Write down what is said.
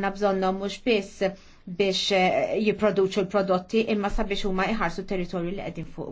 għanna bżonnom mux biss biex eh, jiproduċu l-prodotti imma sabiex huma iħarsu territorju li qegħdin fuq.